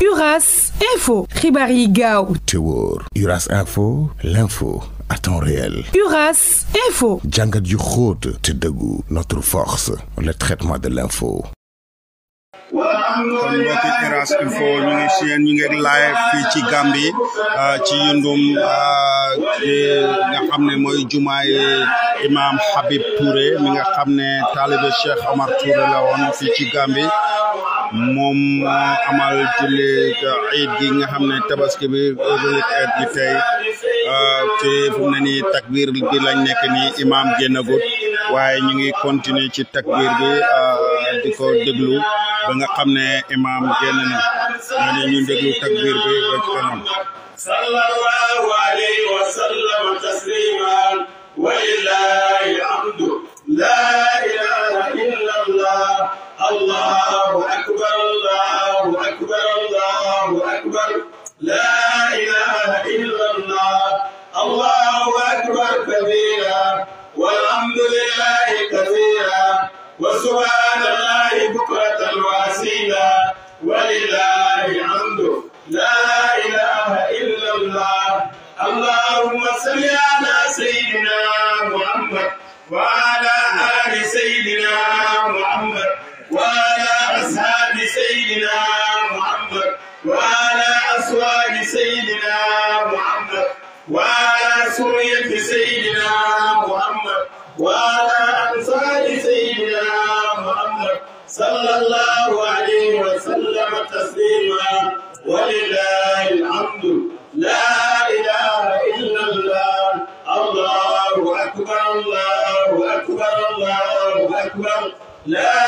Uras Info. Ribari Gao. Tewor. Uras Info. L'info à temps réel. Uras Info. Django du Notre force. Le traitement de l'info. kon mbokki Uras Info ñu ngi si ñu ngi live fii ci Gambi ah, ci yundum ah, nga xam ne mooy jumaay imam Habib Touré mi nga xam ne taalibe Cheikh Omar Touré la woon fii ci Gambi moom amal julli iid gi nga xam ne tabaski bi julli iid gi tey ci ah, fu mu ne nii takbir bi lañ nekk nii imam génnagut waaye ñu ngi continuer ci takbir bi euh, di ko déglu ba nga xam imam génn na ma ne ñu déglu takbir bi ba ci kanam sallallahu alayhi wa sallam tasliman wa lillahi alhamdu la ilaha illa allah allahu akbar allahu akbar allahu akbar la ilaha illa allah allahu akbar kabira والحمد لله كثيرا وسبحان الله بكرة واسيلا ولله الحمد لا إله إلا الله اللهم صل على سيدنا محمد وعلى آل سيدنا محمد وعلى أصحاب سيدنا محمد وعلى أزواج سيدنا محمد وعلى سرية صلى الله عليه وسلم تسليما ولله الحمد لا إله إلا الله الله أكبر الله أكبر الله أكبر لا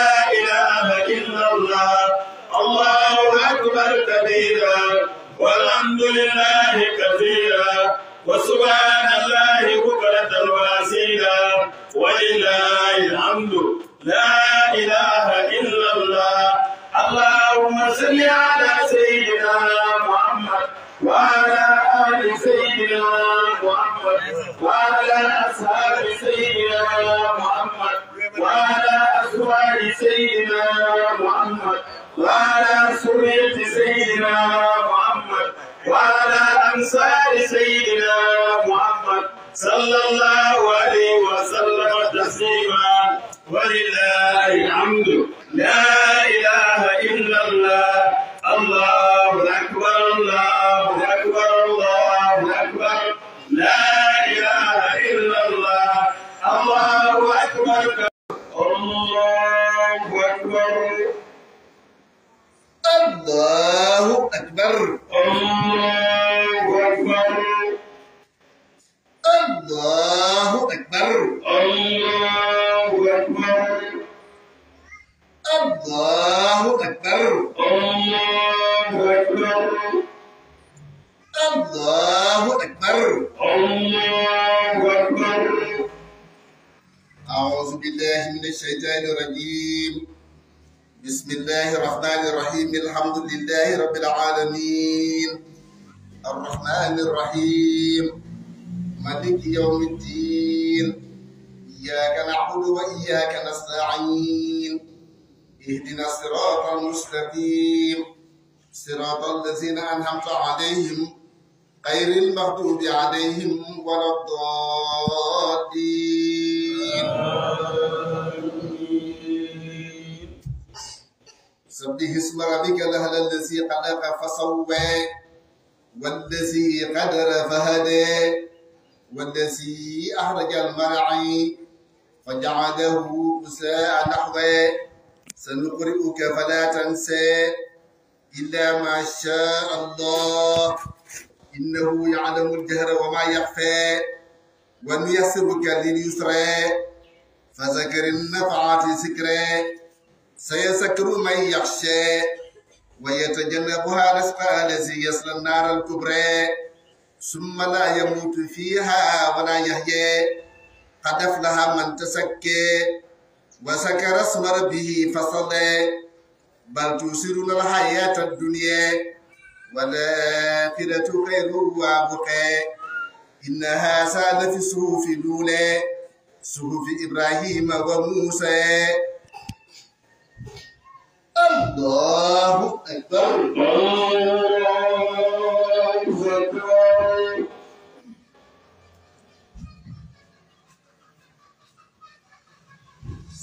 الدين إياك نعبد وإياك نستعين اهدنا الصراط المستقيم صراط الذين أنعمت عليهم غير المغضوب عليهم ولا الضالين سبح اسم ربك الأهل الذي خلق فسوى والذي قدر فهدي والذي أخرج المرعي فجعله بساء نحوه سنقرئك فلا تنسى إلا ما شاء الله إنه يعلم الجهر وما يخفى ونيسرك لليسرى فذكر النفعات سكرى سيسكر من يخشى ويتجنبها الأشقى الذي يصل النار الكبرى ثم لا يموت فيها ولا يحيى قد أفلح من تسكى وسكر اسم ربه فصلى بل تسرون الحياة الدنيا والآخرة خير وأبقى إنها هذا صحف الأولى صحف إبراهيم وموسى الله أكبر الله أكبر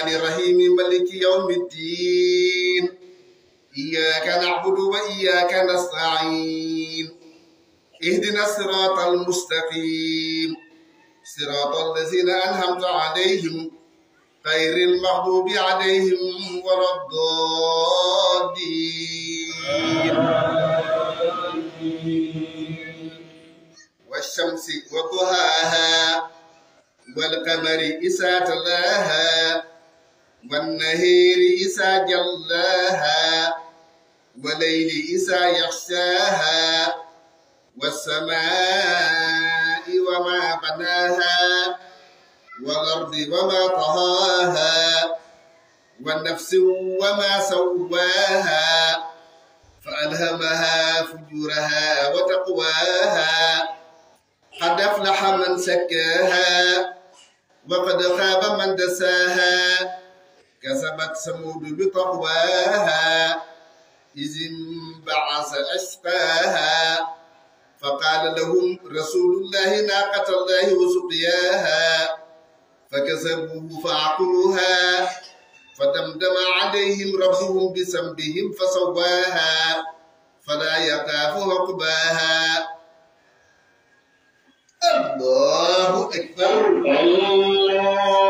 الرحمن الرحيم ملك يوم الدين إياك نعبد وإياك نستعين اهدنا الصراط المستقيم صراط الذين أنهمت عليهم غير المغضوب عليهم ولا الضالين والشمس وضحاها والقمر إذا تلاها والنهير إذا جلاها والليل إذا يغشاها والسماء وما بناها والأرض وما طهاها والنفس وما سواها فألهمها فجورها وتقواها قد أفلح من سكاها وقد خاب من دساها كسبت ثمود بطغواها إذ انبعث أشقاها فقال لهم رسول الله ناقة الله وسقياها فكسبوه فعقروها فدمدم عليهم ربهم بسمبهم فسواها فلا يخاف عقباها الله أكبر الله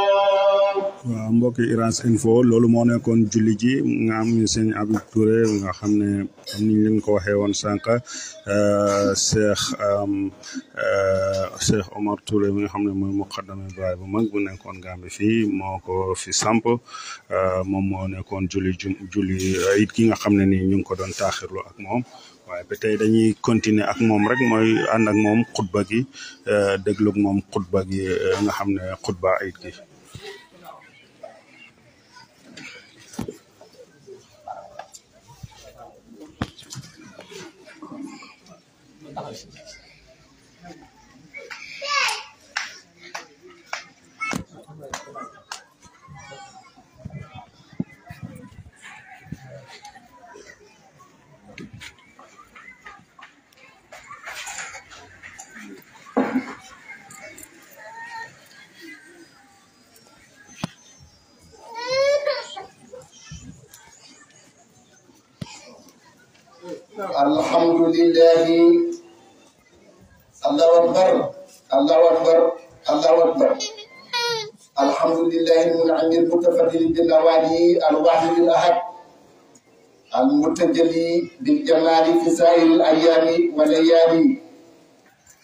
mbokki Uras Info loolu moo nekkoon julli ji nga am seen sëñ Habib Touré nga xam ne am niñ leen ko waxee woon sànq euh, Cheikh euh, euh, Cheikh Omar Touré mi nga xam ne mooy muqaddam Ibrahima bu mag bu nekkoon Gàmbi fii moo ko fi samp moom moo nekkoon julli ju julli it ki nga xam ne nii ñu ngi ko doon taaxirlu ak moom waaye ba tey dañuy continuer ak moom rek mooy ànd ak moom xutba gi déglu ak moom xutba gi nga xam ne xutba ayit gi الحمد لله الغني الأحد المتجلي بالجمال في سائر الأيام والليالي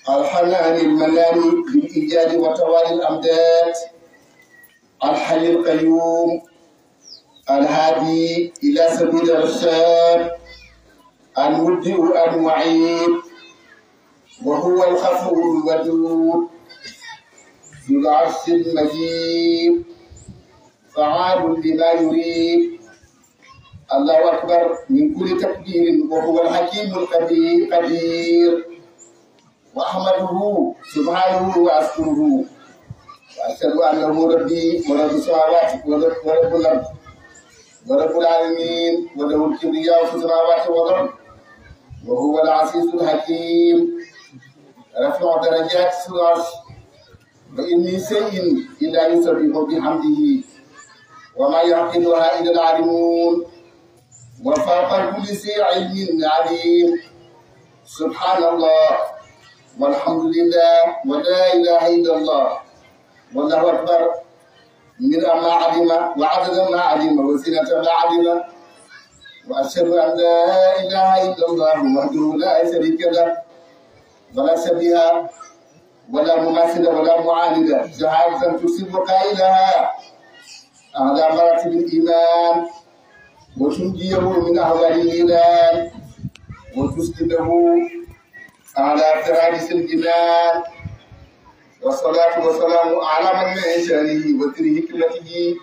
الحنان المنان بالإيجاد وتوالي الأمداد الحي القيوم الهادي إلى سبيل الرشاد المبدئ المعيب وهو الغفور الودود ذو العرش المجيد فعال لما يريد الله أكبر من كل تقدير وهو الحكيم القدير وأحمده سبحانه وأشكره وأشهد أنه ربي ورب السماوات ورب الأرض ورب العالمين وله الكبرياء في السماوات والأرض وهو العزيز الحكيم رفيع درجات العرش وإن من شيء إلا يسبح بحمده وما يعقلها إلا العالمون وفوق كل ذي علم عليم سبحان الله والحمد لله ولا إله إلا الله والله أكبر من ما علم وعدد ما علم وزنة ما علم وأشهد أن لا إله إلا الله وحده لا شريك له ولا شبيه ولا مماثل ولا معاند جهازا تصيب قائلها على مراتب الإيمان وتنجيه من أهوال الإيمان وتسجده على فرائس الإيمان والصلاة والسلام على من من شأنه وذره كلته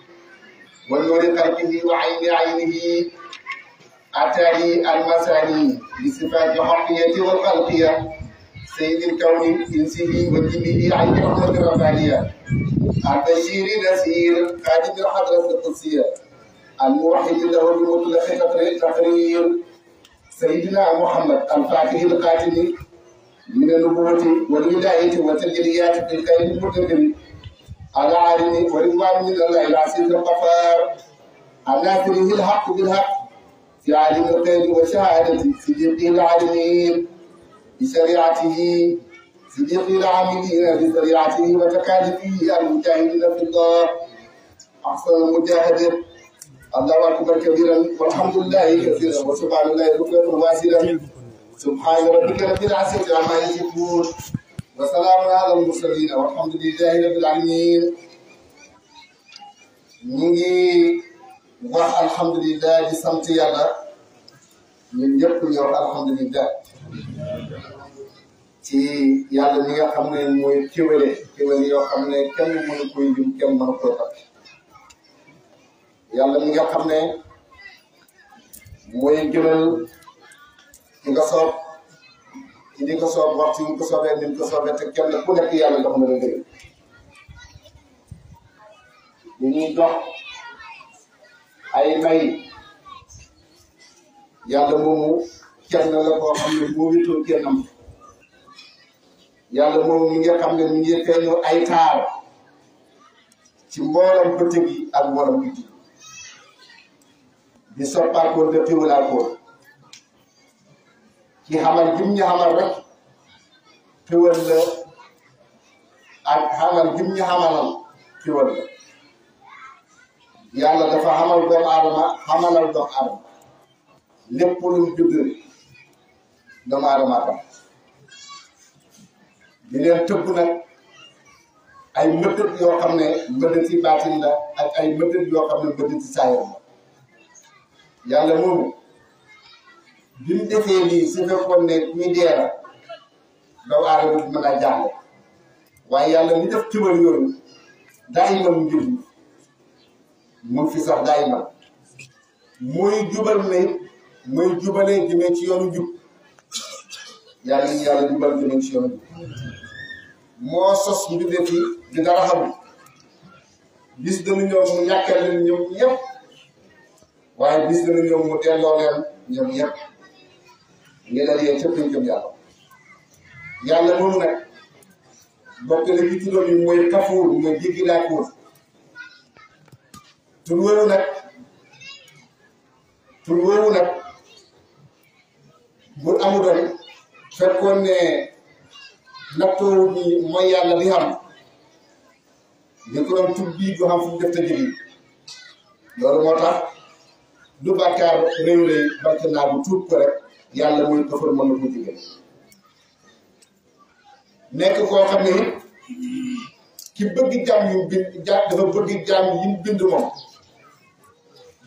ونور قلبه وعين عينه أتاني المساني بصفات الحقية والخلقية سيد الكون إنسه وجنه عين رحمة ربانية التيسير نسير قاعدين الحضرة القدسية الموحد له بمطلق تقرير سيدنا محمد الفاكه القاتل من النبوة والولاية والتجريات بالخير المقدم على عالم ورضوان من الله العزيز القفار الناصره الحق بالحق في عالم الخير وشهادة في دقيق العالمين بشريعته صديق العاملين بشريعته وتكاليفه المجاهدين في الله أحسن المجاهد الله أكبر كبيرا والحمد لله كثيرا وسبحان الله بكرة واسلا سبحان ربك رب العزة عما يصفون وسلام على المرسلين والحمد لله رب العالمين نجي نيجي الحمد لله di sant yàlla ñun ñëpp الحمد لله si yàlla li nga xam ne mooy kéwéle kéwéle yoo xam ne kenn mënu koy lim kenn mënu koy takk yàlla mi nga xam ne mooy jëlal nga soob ci di nga soob waxtu yi nga ko soobee ni nga ko soobee te kenn ku nekk yàlla jox na la dëgg ñu ñuy dox ay may yàlla moomu kenn la koo xam ne moo wéetoo kenn am yàlla moom mi nga xam ne mi ngi ay taar ci mboolam bëccëg yi ak mboolam guddi di soppaakoon te xiwalaakoon ci xamal jum ñu xamal rek xiwal la ak xamal jum ñu yàlla dafa xamal doomu aadama xamalal doomu aadama lépp lu mu doomu aadama tam di leen tëbb nag ay mbëtët yoo xam ne mbëtët yi baatin la ay mbëtët yoo xam ne mbëtët yi saayam la yàlla moomu bi mu defee lii su fekkoon ne kuy dee la doomu a jàng waaye yàlla mi def tëbal yooyu daayima mu jub mu fi sax daayima muy jubal ne muy jubalee jëmee ci yoonu jub yàlla nañu yàlla jubal jëmee ci yoon bi moo sos mbindeef yi di dara bis dana ñëw mu ñàkkal ñoom ñëpp waaye bis dana ñëw mu delloo leen ñoom ñëpp ngi la cëpp lañ jëm yàlla yàlla noonu nag bokk na ci turam mooy kafuur mooy jéggi laakuur tur wëru nag tur wëru nag amu doon fekkoon ne nattu bi mooy yàlla bi xam ñu ko tub bii du xam fu mu def te loolu moo tax du bàkkaar réew lay naa bu tuub ko yàlla muy dofar mën na ko jóge nekk koo xam ne it ki bëgg jàmm yu bind ja dafa bëgg jàmm yi mu bind moom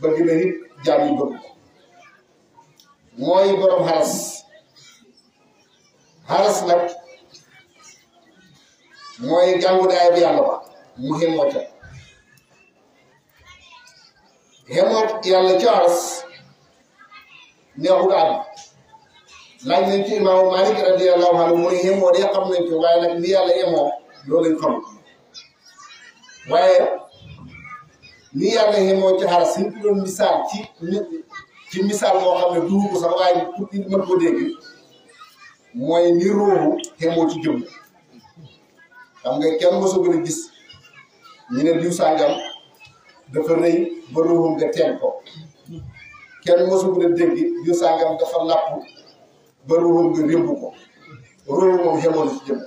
bëgg na it jàmm yu bëgg mooy borom xaras xaras nag mooy gàngu daay bi yàlla ba mu xemoot la xemoot yàlla ci xaras neexul am laaj nañ ci imaamu Malik radiyallahu anhu mu ne xemoo de xam nañ ko waaye nag ni yàlla xemoo loolu lañ ni yàlla xemoo ci xaras ñu ko misaal ci misaal moo xam ne duuru ko sax waaye pour nit mooy ni ruuxu te ci jëm xam nga kenn mosoo gën a gis ñu ne diw sàngam dafa rëy ba ruuxum nga teen ko kenn mosoo gën a dégg diw sàngam dafa làpp ba ruuxum nga rémb ko ruuxu ci jëm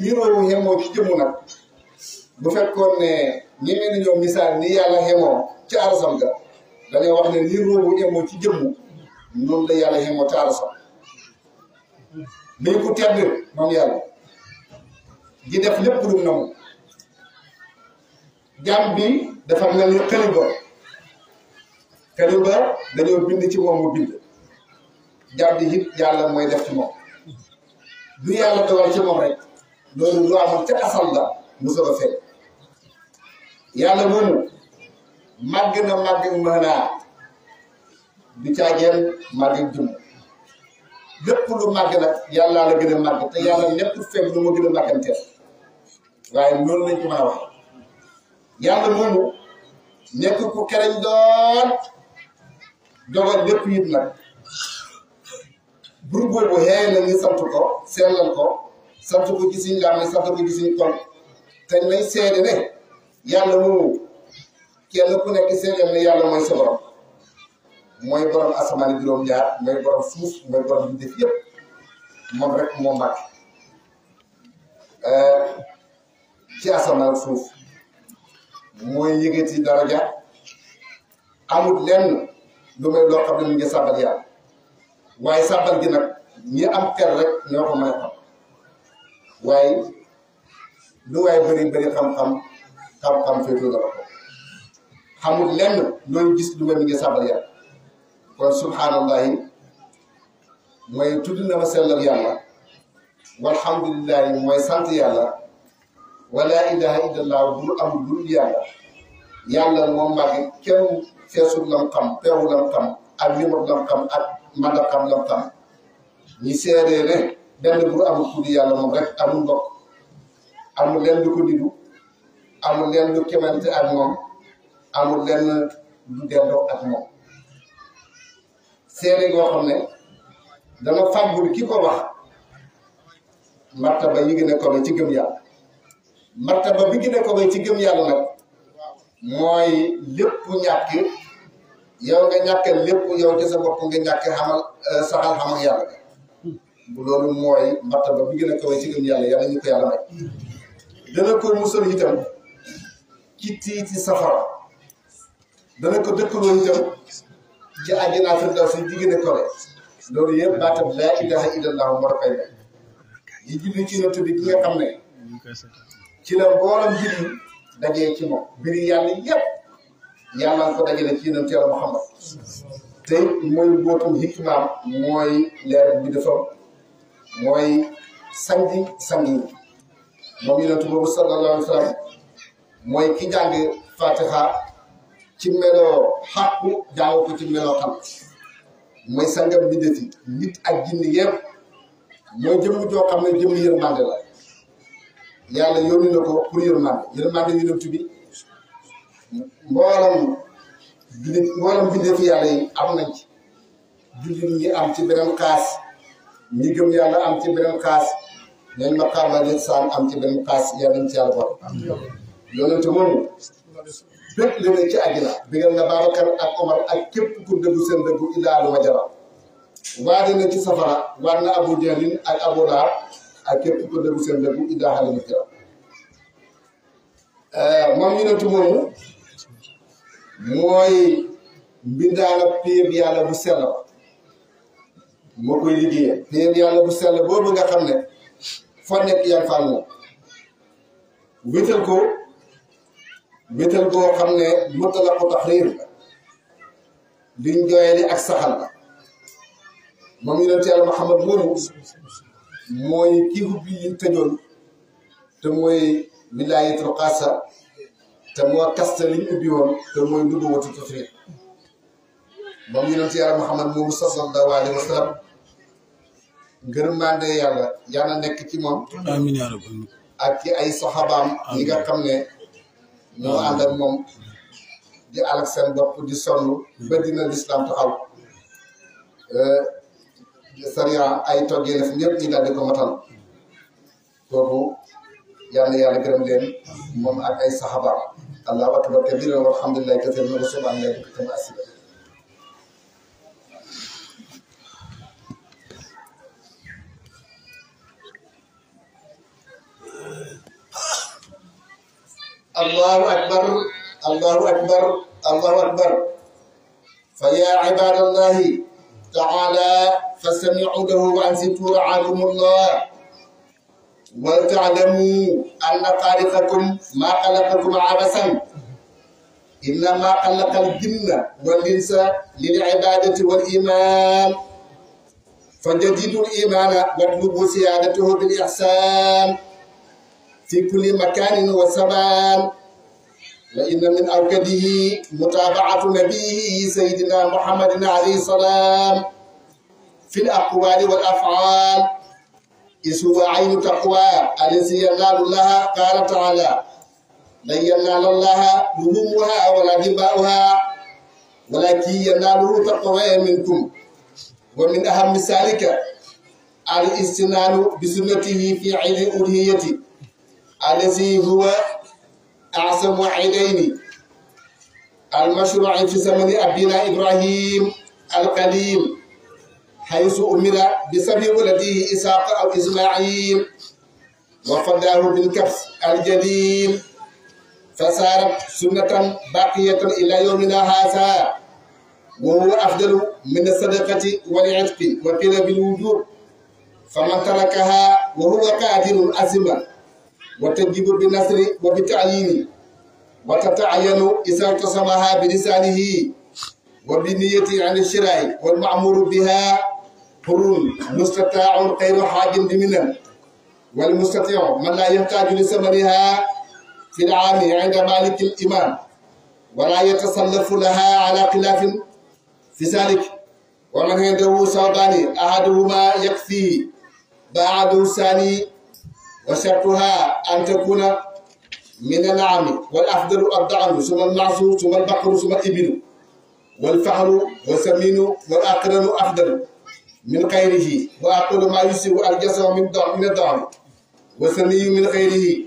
ni ruuxu xemoo ci jëmm nag bu fekkoon ne ñi mel ni ñoom misaal ni yàlla xemoo ci arsam ga dañoo wax ne ni ruuxu xemoo ci jëmm noonu la yàlla xemoo ci arsam day ku tedd moom yàlla di def lépp lu mu nangu jàmm bi dafa mel ni xëliba xëliba dañoo bind ci moom mu bind jàmm bi it mooy def ci moom du yàlla dogal ci moom rek loolu lu amoon ca asal mu soog a fekk moomu màgg na màgg mënaa du caageen màgg jum lépp lu màgg nag yàllaa la gën a màgg te yàlla lépp feeb lu ma gën a màgganteel waaye noonu lañ ko mën a wax yàlla nekk ku kereñ doon dogal lépp yit nag bur boobu xëy na ñu sant ko seetlal ko sant ko ci suñu laam sant ko ci suñu xol te ñu lay seede ne yàlla moomu kenn ku nekk seedeel ne yàlla mooy sa moy borom asamaan juróom-ñaar moy borom suuf moy borom bi def yëpp mom rek mo moo euh ci asamaan suuf mooy yëgati daraja amul lenn lu may lo xam ne sabbal ngi sàbbal sabbal gi nak ñi am xel rek ñoko may xam waaye lu way bari bari xam-xam xam-xam féetoo la ko xamul lenn looy gis lu may mi sabbal sàbbal كون سبحان الله موي تودنا ما سلال يالا والحمد لله موي سانت يالا ولا اله الا الله بور ام لول يالا يالا موم ماغي كيرو فيسو لام كام بيرو لام كام اك نيمو لام كام اك مادا كام لام كام ني سيري ري بن بور ام كود يالا موم رك ام بوك ام لين دوكو ديدو ام لين دو كيمانتي ak mom amul len du delo ak mom seere goo xam ne dama fàggul ki ko wax martaba yi gën a kawe ci gëm yàlla martaba bi gën a ci gëm yàlla nag mooy lépp ñàkk yow nga ñàkk lépp yow ci sa bopp nga ñàkk xamal euh, saxal xamal yàlla bu loolu mooy martaba bi gën a kawe ci gëm yàlla yàlla ñu ko yàlla may dana ko musal itam ci tiiti safara dana ko dëkkaloo itam ci àjjana firdawsi jigéen ak kawe loolu yëpp baatam laa ilaha illallah mbor koy ne yi julli ci yonent bi ki nga xam ne ci la mboolam julli dajee ci moom mbiri yàlla yëpp yàlla ci yonent yàlla Muhammad te mooy mbootum hikmaam mooy leer bi dafa mooy sangi sangi moom yonent boobu sallallahu alayhi mooy ki jàng fatiha ci meloo xàqu jaamu ko ci meloo xam mooy sangam bi def nit ak jinni yëpp ñoo jëmm joo xam ne jëmm yërmande la yàlla yónni na ko pour yërmande yërmande yonent bi mboolam jullit mboolam yi am nañ ci jullit ñi am ci beneen kaas ñi gëm yàlla am ci beneen kaas leen maqaama lisaan am ci beneen kaas yàlla ñu ci yàlla bor yonent moom bépp li ne ci àddina digal nga Babacar ak Omar ak képp ku dëggu seen dëggu illaalu wajara waade na ci safara waat na Abu Jahlin ak Abu Lahab ak képp ku dëggu seen dëggu illaa xale euh, moom ñu ne tu mooy mbindaala péeb yàlla bu sell moo koy liggéeyee péeb yàlla bu sell boobu nga xam ne fa nekk yan fan moom wétal ko مثل بو مثل مطلق تحرير لي نجويلي اك سخال لا مام يونتي محمد نورو موي كي بي تجول تا موي ولايه القاصه تا مو كاست لي نوبي وون تا موي دوبو وتو تحرير مام يونتي محمد مو مستصل دا والي مسلم ngeureum mande yalla yalla nek ci mom amin ya rabbal alamin ak ci ay sahabam yi nga xamne ñoo ànd ak moom di alak seen bopp di sonn ba dina lislam taxaw eh, sariya ay toggee na fi ñëpp ñu daal di ko matal kooku yàlla yàlla gërëm leen moom ak ay saxaaba allahu a kabiran walhamdulillahi kasiran wa subhanallahi الله أكبر الله أكبر الله أكبر فيا عباد الله تعالى فاستمعوا له وأنصتوا رعاكم الله ولتعلموا أن خالقكم ما خلقكم عبثا إنما خلق الجن والإنس للعبادة والإيمان فجددوا الإيمان واطلبوا سيادته بالإحسان في كل مكان وزمان لان من أوكده متابعة نبيه سيدنا محمد عليه السلام في الأقوال والأفعال إذ هو عين تقوى الذي ينال الله قال تعالى لن ينال الله لهمها ولا دماؤها ولكن يناله تقوى منكم ومن أهم ذلك الاستنان بسنته في عين ألهيته الذي هو أعظم عينين المشروع في زمن أبينا إبراهيم القديم حيث أمر بسبب ولده إسحاق أو إسماعيل وفداه بالكبس الجديد فصارت سنة باقية إلى يومنا هذا وهو أفضل من الصدقة والعتق وقيل بالوجوب فمن تركها وهو قادر أزمة وتجيب بالنصر وبتعيين وتتعين إذا اتصلها بلسانه وبنية عن الشراء والمعمور بها قرون مستطاع غير حاجم منه والمستطيع من لا يحتاج لثمرها في العام عند مالك الإمام ولا يتصلف لها على خلاف في ذلك ومن عنده صوبان أحدهما يكفي بعد الثاني وشرطها أن تكون من النعم والأفضل الضعن ثم النعس ثم البقر ثم الإبل والفحل والسمين والأقرن أفضل من غيره وأقول ما يسوء الجسم من من الضعن من غيره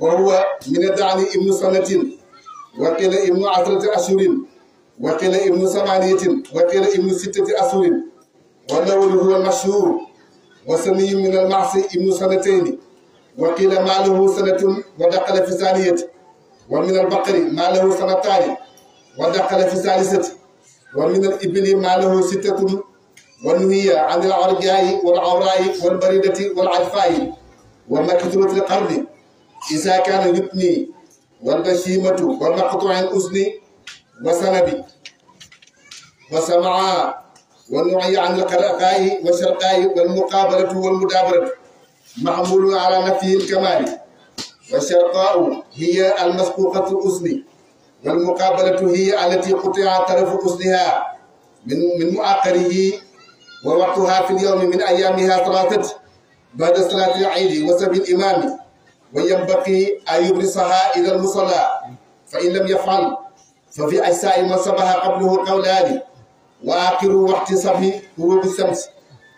وهو من الدعم ابن سنة وقيل ابن عشرة أشهر وقيل ابن ثمانية وقيل ابن ستة أشهر والأول هو المشهور وسمي من المعصي ابن سنتين وقيل ما له سنة ودخل في ثانية ومن البقر ما له سنتان ودخل في ثالثة ومن الإبل ما له ستة والنهي عن العرجاء والعوراء والبريدة والعرفاء ومكتوبة القرن إذا كان يبني والبشيمة والمقطوع الأذن وسندي وسمعاء والنعي عن القرقاء والشرقاء والمقابلة والمدابرة معمول على نفي الكمال والشرطاء هي المسقوقة الأذن والمقابلة هي التي قطع طرف أذنها من من مؤخره ووقتها في اليوم من أيامها ثلاثة بعد صلاة العيد وسب الإمام وينبقي أن يبرصها إلى المصلى فإن لم يفعل ففي أجساء من سبها قبله قولان وآخر وقت صبي غروب الشمس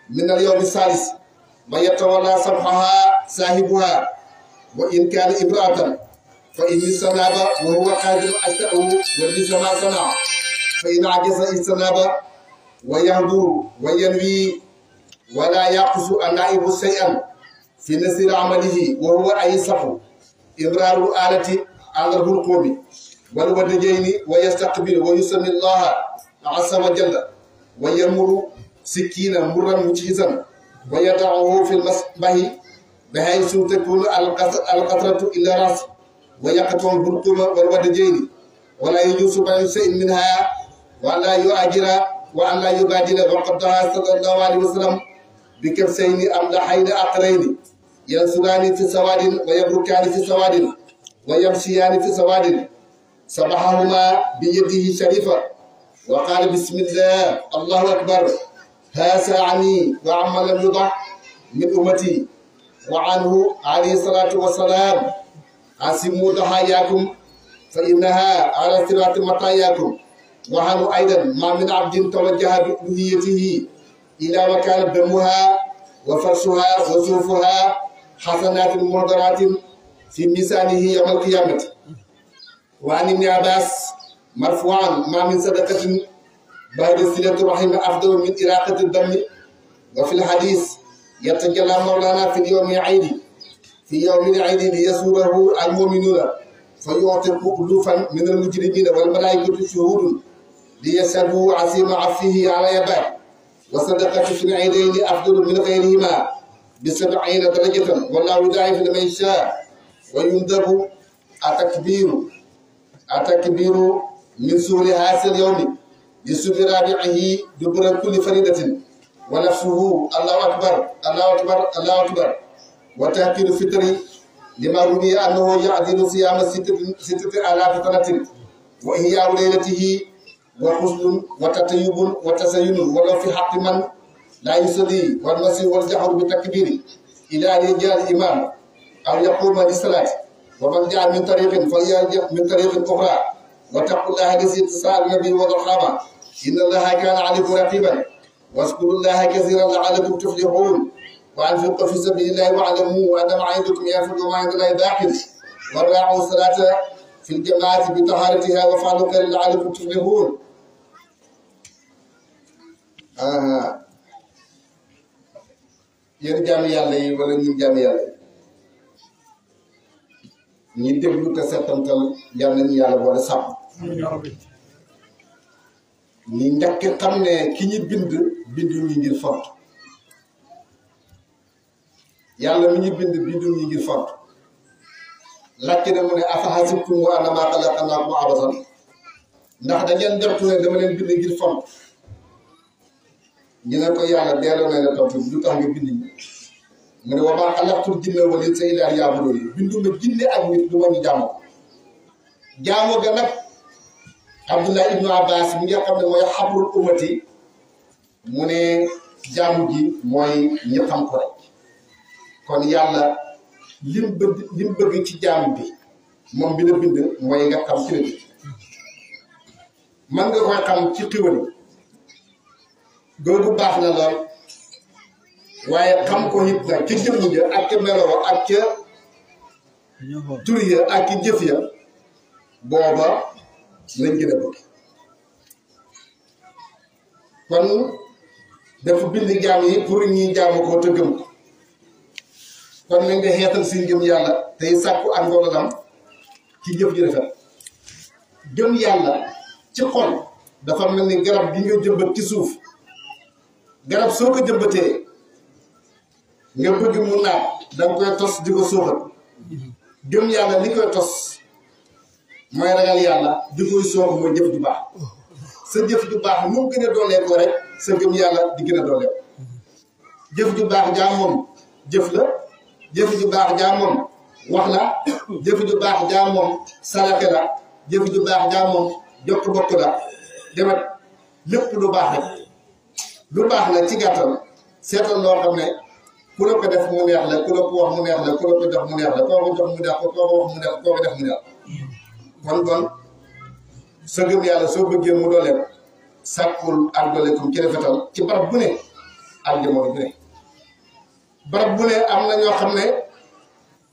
من اليوم الثالث بيتولى صفحها صاحبها وإن كان إبراتا فإن اجتنب وهو قادر أسأه والجنس ما صنع فإن عجز اجتنب ويهدو وينوي ولا يقص النائب شيئا في نسير عمله وهو أي صف إضرار آلة على القوم والوالدين ويستقبل ويسمي الله عز وجل ويمر سكينا مرا مجهزا ويضعه في المسبه بحيث تكون القطرة إلى رأسه ويقطع البرقم والودجين ولا يجوز بيع شيء منها ولا يؤجر ولا يبادل وقد دعا صلى الله عليه وسلم بكبسين أملحين أقرين ينسلان في سواد ويبركان في سواد ويمشيان في سواد سبحهما بيده شريفة وقال بسم الله الله أكبر ها وعمل يعني وعما يضع من أمتي وعنه عليه الصلاة والسلام أسموا ضحاياكم فإنها على صراط مطاياكم وعنه أيضا ما من عبد توجه بأمنيته إلى مكان دمها وفرشها وزوفها حسنات مهدرات في ميزانه يوم القيامة وعن ابن عباس مرفوعا ما من صدقة بعد صلة الرحم أفضل من إراقة الدم وفي الحديث يتجلى مولانا في اليوم العيد في يوم العيد ليسوره المؤمنون فيعتق ألوفا من المجرمين والملائكة شهود ليشهدوا عزيم عفه على يداه وصدقة في العيدين أفضل من غيرهما بسبعين درجة والله يضاعف لمن شاء ويندب التكبير التكبير من سور هذا اليوم يسوق رابعه دبر كل فريدة ولفه الله أكبر الله أكبر الله أكبر وتهكير فطري لما روي أنه يعدل صيام ستة آلاف سنة وإحياء ليلته وحسن وتطيب وتزين ولو في حق من لا يصلي والمسيح والجهر بتكبير إلى رجاء الإمام أو يقوم للصلاة ومن جاء من طريق فهي من طريق أخرى وتقول الله الذي تساءل النبي والرحمة إن الله كان عليكم رقيبا واذكروا الله كثيرا لعلكم تفلحون وأنفقوا في سبيل الله واعلموا أن معيدكم ينفذ وما عند الله باقٍ وراعوا الصلاة في الجماعة بطهارتها وفعلوا خيرا لعلكم تفلحون آه. yéen jaamu yàlla yi wala ñun jaamu yàlla yi ñu déglu te settantal yàlla ñu yàlla boole sàmm ñi njëkk xam ne ki ñu bind bind ñi ngir font yàlla mi ñu bind bindu ñi ngir font làkk na mu ne afa hasibtum wa annamaa xalaqnaakum abasan ndax da ngeen njortu ne dama leen bind ngir font ñu ne ko yàlla delloo na la tontu lu tax nga bind ñi mu ne wa maa xalaqtul jinna wal insa illaa liya'buduun bindu nga jinne ak nit lu ma ñu jaamoo ga nag abdullah ibnu abbas mi nga xam ne mooy xabrul ummati mu ne jaamu ji mooy ñi xam ko rek kon yàlla lim bëgg lim bëgg ci jaam bi moom bi la bind mooy nga xam ci nit mën nga xam ci xiwali googu baax na lool waaye xam ko nit nag ci jëmm ja ak ca ak ca tur ak jëf ya booba lañ gën a bëgg kon dafa bind jaam yi pour ñi jaamu ko te gëm ko kon nañ nga xeetal si jëm yàlla tey sàkku ak ngorolam ci jëf ji rafet gëm yàlla ci xol dafa mel ni garab gi nga jëmbat ci suuf garab soo ko jëmbatee nga bëgg mu naat da nga koy tos di ko suuxal gëm yàlla li koy tos mooy ragal yàlla di muy soog mooy jëf ju baax sa jëf ju baax mu gën a doolee ko rek sa gëm yàlla di gën a doolee jëf ju baax jaa moom jëf la jëf ju baax jaa moom wax la jëf ju baax jaa moom salaxe la jëf ju baax jaa moom jokk bokk la demet lépp lu baax la lu baax la ci gàttal seetal loo xam ne ku la ko def mu neex la ku la ko mu neex la ku la ko jox mu neex la koo ko jox mu neex ko koo ko wax mu neex koo kon kon sa gëm yàlla soo bëggee mu dooleem sàkkul ak dooleekum ci rafetal ci barab bu ne ak jamono bu ne barab bu am na ñoo xam ne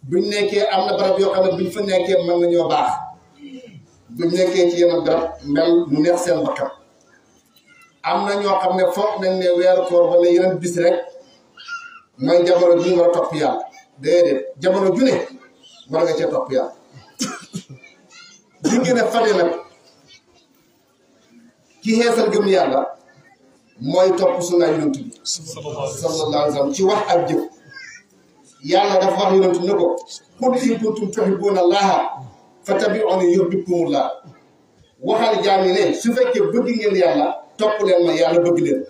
buñ nekkee am na barab yoo xam ne buñ fa nekkee mën nañoo baax buñ nekkee ci yenn barab mel mu neex seen bakkan am na ñoo xam ne foog nañ ne weeru koor wala yeneen bis rek mooy jamono ju ñu war a topp yàlla déedéet jamono ju ne war nga cee topp yàlla li gën a fade nag ki xeesal gëm yàlla mooy topp sunna yonent bi sallallahu alayhi wa sallam ci wax ak jëf yàlla dafa wax yonent ne ko qul in kuntum tuhibbuuna llaaha fattabi'uunii yuhbibkumu llaah waxal jaami ne su fekkee bëgg ngeen yàlla topp leen ma yàlla bëgg leen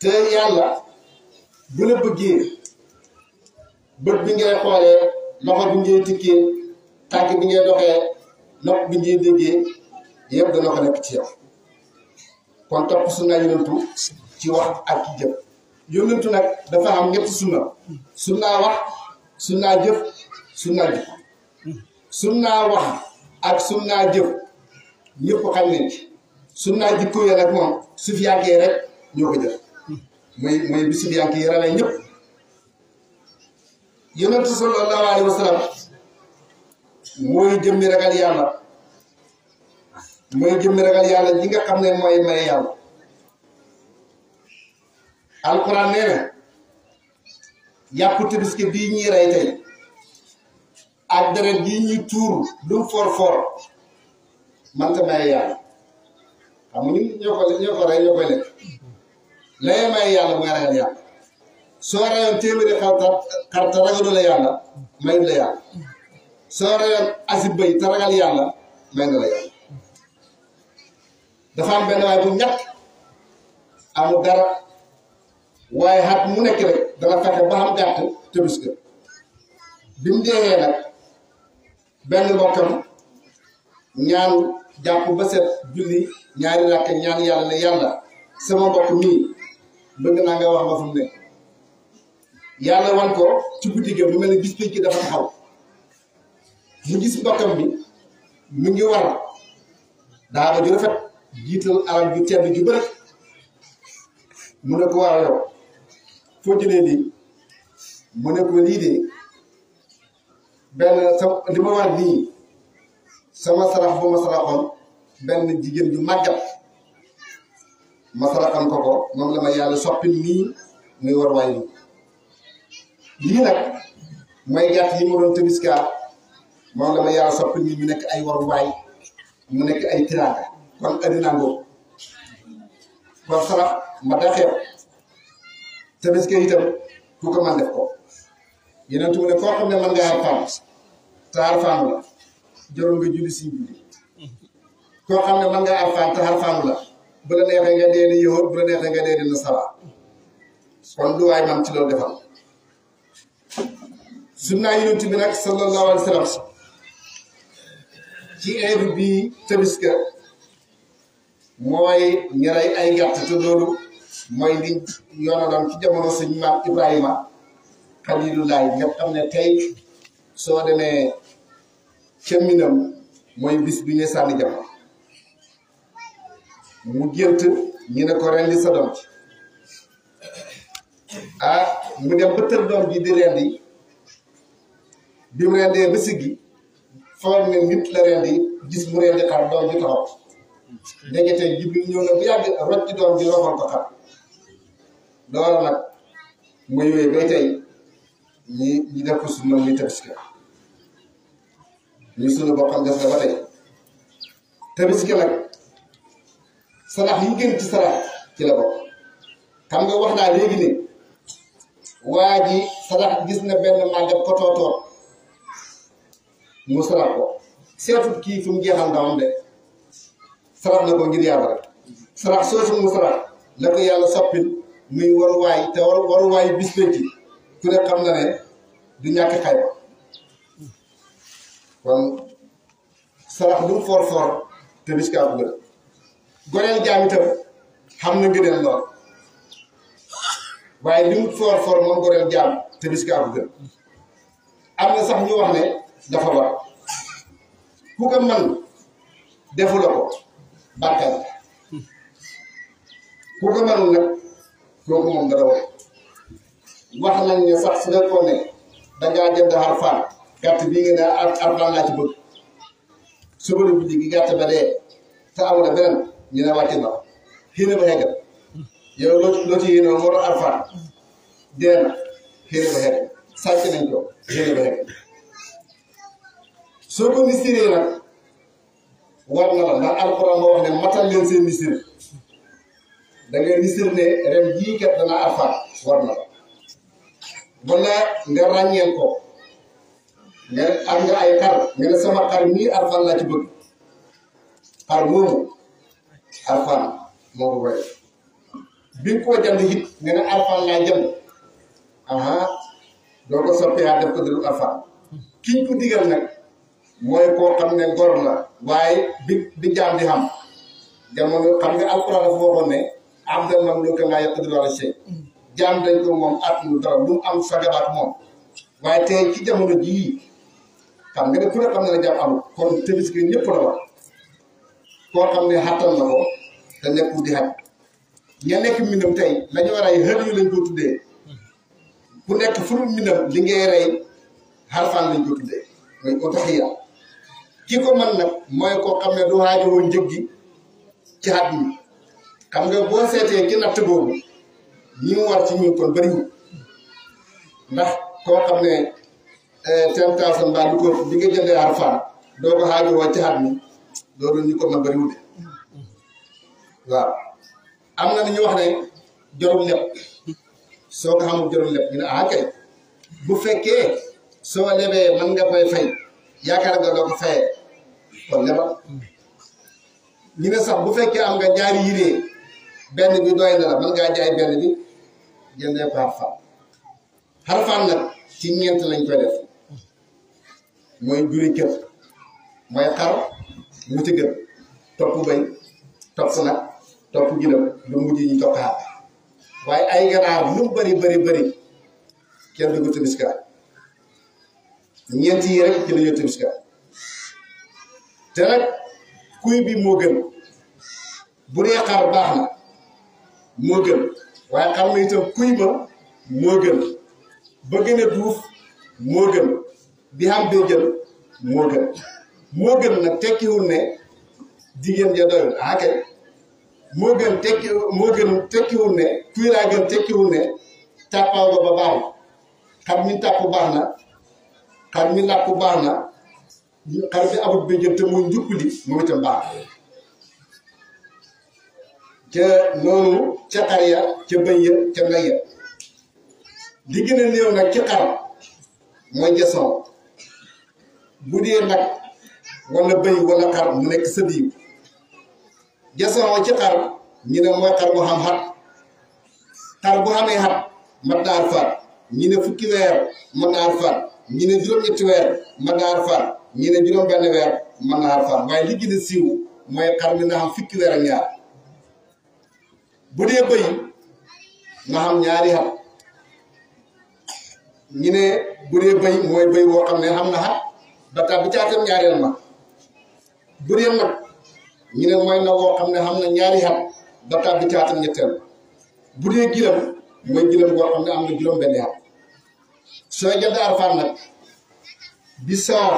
te yàlla bu la bëggee bët bi ngay xoolee loxo bi ngay tikkee tànk bi ngay doxee nopp bi ngay déggee yëpp dana ko nekk ci yow kon topp sunna yonentu ci wax ak ci jëf yonentu nag dafa am ñetti sunna naa wax sunna jëf sunna jëf sunna wax ak sunna jëf ñëpp xam nañ ci sunna jikko ya nag moom sufiyankee rek ñoo ko jëf muy muy bi sufiyankee yi ñëpp yonentu sallallahu alayhi wa sallam mooy jëmmi ragal yàlla mooy jëmmi ragal yàlla ji nga xam ne mooy maye yàlla alquran nee na yàpp tabaski bii ñuy rey tey ak deret yi ñuy tuur lu for for man ta maye yàlla xam nga ñun ñoo ñoo ko rey ñoo koy lekk lay maye yàlla mooy ragal yàlla soo reyoon téeméeri xarta xarta ragalu la yàlla mayul la yàlla soo reyoon asib bay te ragal yàlla may nga dafa am benn waay bu ñàkk amul dara waaye xat mu nekk rek dana fexe ba xam gàtt te dus ka bi mu deexee nag benn mbokkam ñaan jàpp ba set julli ñaari ràkk ñaan yàlla yàlla sama mbokk mii bëgg naa nga wax ba fu mu ne yàlla wan ko ci guddi gi lu mel ne bis ki dafa taxaw ñu gis mbokkam bi mu ngi war daaba ju rafet jiital alal ju tedd ju bëri mu ne ko waaw yow foo jëlee lii mu ne ko de benn sa li war nii sama sarax bu ma benn jigéen ju màggat ma saraxoon ko la ma yàlla soppi nii muy war waay lii nag may gàtt yi ma doon tëbiskaa moom la ma yàlla sopp nii ñu nekk ay waruwaay mu nekk ay tiraanga kon addinaa ngoo kon sarax ma daxeew tabaski itam ku ko man def ko yeneen tumu ne koo xam ne man nga aar faam te aar faamu la jarul nga koo xam ne man nga aar faam te la bu la neexee nga dee di yëwut bu la neexee nga dee di na kon lu waay man ci loolu defal sunna yonent bi nag sallallahu alayhi wa sallam ci heure bi tabiska mooy ñu ay gàtt te loolu mooy li yoonaloon ci jamono si maam Ibrahima Xaliilulaay nga xam ne tey soo demee ca minam mooy bis bi ñuy sànni jam mu gént ñu ne ko rendi sa doom a ah, mu dem ba tër doom ji di rendi bi mu rendee ba siggi xamal ne nit gis mu reen doom ji taxaw léegi tey Jibril ñëw na bu yàgg rocc doom ji roxal ko xar loolu nag muy wéy bay tey ñi ñi def ko sunna muy ñu sunu boppam def dafa tey tabaski nag sarax yi gën ci ci la bokk xam nga wax naa léegi ni waa ji gis na benn màggat ko mu sabar ko seetut kii fu mu jeexal ndawam de sabar na ko ngir yàlla rek sarax soosu mu sarax la ko yàlla soppil muy waruwaay te waruwaay bis penc ku ne xam na ne du ñàkk xayma kon sarax lu mu for te bis kaa bu gën goneel jaam itam xam na ngëneel lool waaye li mu for for goneel jaam te bis kaa bu gën am na sax ñu wax ne dafa war ku ko man defula ko bàkkal ku ko man nag kooku moom dara war wax nañ ne sax su nekkoon ne jënd xarfaan gàtt bii nga ne xarfaan bëgg suba la guddi gi gàtt ba dee te amul beneen ñu ne wàcc na xëy na ba xeggal yow loo loo ci yéen a moo tax dee na xëy na ba xeggal sàcc nañ ko xëy na ba xeggal soko misiri nak war na la ndax alxuraan moo wax ne matal len sen misiri da ngay misiri ne rem jii kat dana afa war na wala nga ragnel ko nga am nga ay xar nga ne sama xar mii arfaan la ci bëgg xar moomu arfaan mo ko way bi ko jand hit it nga ne arfaan la jënd aha do ko soppi ha def ko delu arfaan kiñ ko digal nak mooy koo xam ne gor la waaye bi bi jaam di xam jamono xam nga alquran dafa waxoon ne abdal mam lu ka ngaa yàq dara se jaam dañ ko moom at lu dara am sagabaat moom ci jamono jii xam nga ne na ne xam ne jaam amul kon tabaski ñëpp la wax koo xam ne xattan la ko te nekkul di xaj ña nekk mbindam tey lañu war ay xër yu lañ ko ku nekk fu dul mbindam li ngay rey xarfaan lañ ko tuddee mooy otaxiya ki ko man nag mooy koo xam ne du waajowoo njëg gi ci at mi xam nga boo seetee ci natt boobu ñi mu war ci ñun kon bëriwul ndax koo xam ne ten thousand mbaa du ko di nga jëndee arfan doo ko wo ci at mi loolu ñu ko mën bëriwul waaw am na ñu wax ne jorul lépp soo ko xamul jorul lépp ñu ne ah bu fekkee soo lebee mën nga koy fay yaakaar nga doo ko fayee kon lebal ne sax bu fekkee am nga ñaari yiree benn bi doy na la mën ngaa jaay benn bi jëndee ko xarfaan xarfaan nag ci ñeent lañ koy def mooy juri kër mooy xar wuti gën topp bay topp nag topp gilam lu mujj ñu topp xaar waaye ay ganaar lu mu bëri bëri kenn du ko ñeent yi rek ci la ñuy tabaski te nag kuy bi moo gën bu dee xar baax na moo gën waaye xam nga itam kuy ma moo gën ba gën a duuf moo gën bi xam bee jël moo gën moo gën nag tekkiwul ne jigéen ja doyul ah kay moo gën tekki moo gën tekkiwul ne kuy laa gën tekkiwul ne tàppaaw ba ba baaxul xam mi tàpp baax na xam mi làpp baax na xar bi amul béjjën te muy njukk li moom itam baax ca noonu ca xar ya ca bëy ya ca mbay ya li gën a néew nag ci xar mooy jason bu dee nag wala bëy wala xar mu nekk sa biir jason ci xar ñu mooy xar bu xam xat xar bu xamee xat mat naar faat ñu fukki weer mat naar faat ñu juróom-ñetti weer mat naar faat ñi ne juróom benn weer mën naa faat waaye li gën a siiw mooy xar mi na xam fukki weer ak ñaar bu dee bëy na xam ñaari xat ñi bu dee bëy mooy bëy boo xam ne xam na xat ba bi bu caatam ñaareel ma bu dee nag ñu ne mooy na woo xam ne xam na ñaari xat ba tax caatam ñetteel bu dee gilam mooy gilam boo xam ne am na juróom benn xat sooy jënd arfaan nag bi soor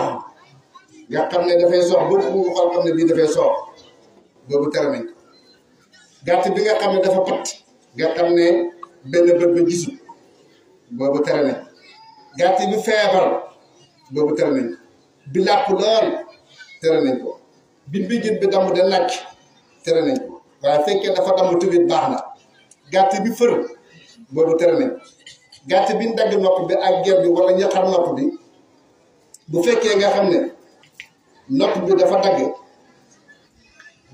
nga xam ne dafay sox bët bu xool xam ne bii dafay sox boobu tere nañ gàtt bi nga xam ne dafa pat nga xam ne benn bët ba gisul boobu tere nañ gàtt bi feebar boobu bi bi mbigit bi damm de làcc dafa damm tamit baax na gàtt bi fër boobu tere nañ gàtt bi ndagg nopp bi ak ger bi wala ñaxar nopp bi bu fekkee nga xam ne nopp bi dafa dagg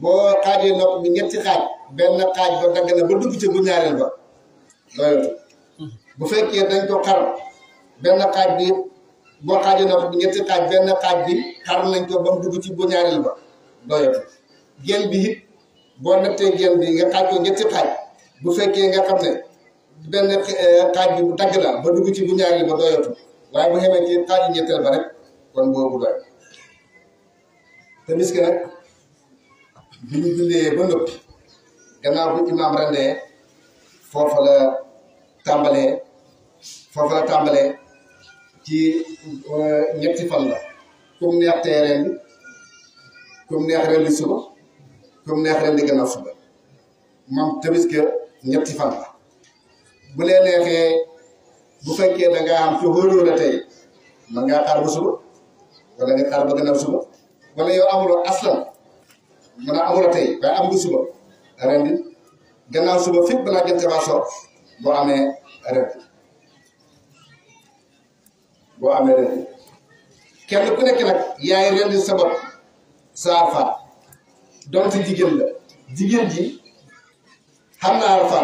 boo xaajee nopp bi ñetti xaaj benn xaaj ba ba dugg ci bu ñaareel ba doyatu dañ ko xar benn xaaj bi boo xaajee nopp bi ñetti xaaj benn xaaj bi xar nañ dugg ci bu ñaareel ba doyatu bi boo nattee génn bi nga xaaj ko ñetti xaaj bu nga xam ne benn eh, bu dagg na ba dugg ci bu ñaareel ba doyatu waaye bu xamee ci xaaj ñetteel ba rek kon boobu doy timis gi nag bi ñu jullee ba noppi gannaaw bu imaam rendee foofa la tàmbalee foofa tàmbalee ci euh, ñetti fan la kum neex tey kum neex ren suba kum neex ren di suba moom timis gi ñetti fan la bu lee neexee bu fekkee da am ci xóoróor a tey man ngaa ba suba wala nga xaar ba gannaaw suba wala yow amuloo aslan mën a amuloo tey waaye am nga suba ren bi suba fépp balaa jant baa sor boo amee ren boo amee ren bi kenn ku nekk nag yaay ren di sa bopp sa arfa jigéen la jigéen ji xam naa arfa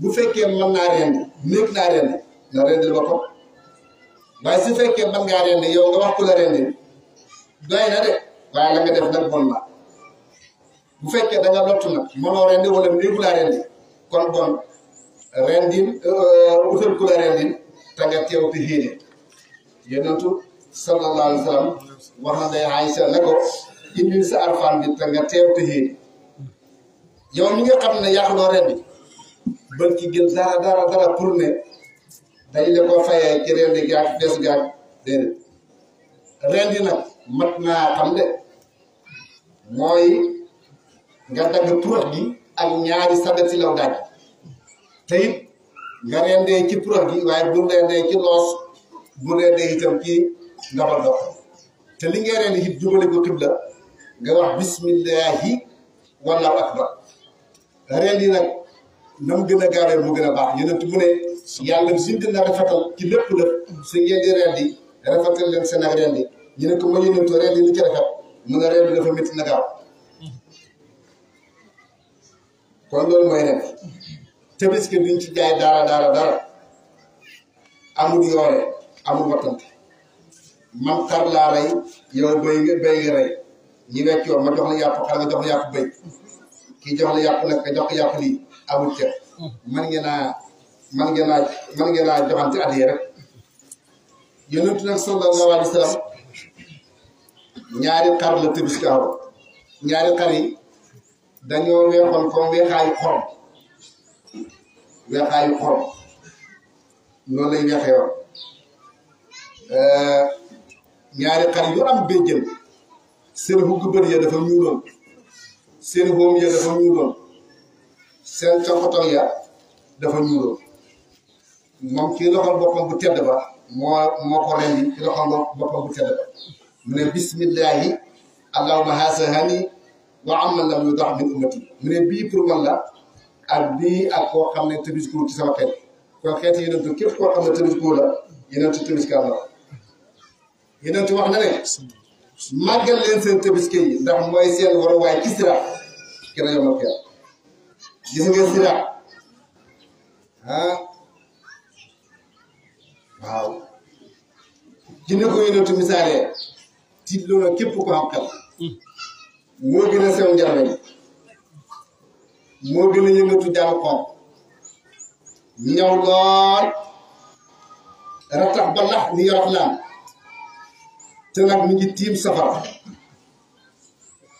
bu fekkee mën naa ren di néeg naa ren di na ren di boppam waaye su fekkee mën ngaa ren yow nga wax ku la doy na de waaye la nga def nag bon na bu fekkee da lottu nag mënoo rendi wala mbir bu la rendi kon bon rendin euh, utal ku la ko indil sa arfaan yow mi nga xam ne yàq noo rendi bën ki gën dara dara dara pour ne dañ la ko fayee rendi gaag bes gaag déedéet rendi nag mat naa xam ne mooy nga dagg purax gi ak ñaari sadet si law daaj te it nga rendee ci purax gi waaye bu rendee ci loos bu rendee itam ci ndabal dox te li ngay rendi it jubale ko xibla nga wax bismillahi wallahu akbar rendi nag na mu gën a gaawee mu gën a baax yonent mu ne yàlla suñ gën a rafetal ci lépp la su ngeen di rendi rafetal leen seen ak rendi ñu ne ko ma yónnee ko reer yi ci rakat mu nga reer bi dafa métti na gaaw kon loolu mooy nekk tabaski duñ ci jaay dara dara dara amul yoore amul wattante man xar laa rey yow béy nga béy rey ñu wecc ma jox la yàpp xar nga jox la yàpp béy kii jox la yàpp nag nga jox la yàpp lii amul ceeb man ngeen man ngeen naa man ngeen naa joxante at yi rek yonentu nag ñaari xar la Tabaski awoon ñaari xar yi dañoo weexoon comme weexaayu xorom weexaayu xorom noonu lay weexee euh, ñaari xar yu am seen xugg dafa ñuuloon seen xóom dafa ñuuloon seen coxotol dafa ñuuloon moom ci loxol boppam bu tedd ba moo moo ko rendi loxol boppam bu tedd ba من بسم الله اللهم حسهني وعمل لم يدع من امتي من بي بروم لا ابي اكو خامن تبيس كو تي سما خيت كو خيت ينت كيف كو خامن تبيس كو لا ينت تبيس كا لا ينت واخنا لي ماغال لين سين تبيس كي دا موي سين ورا واي كسرا كنا يوم الخير جيس نغي سيرا ها واو جينكو ينت مثاليه tiit loolu képp ko am xel moo gën a sew njariñ moo gën a yëngatu jaru koom ñaw lool ratax ba ni yorof laan te nag mu ngi tiim safara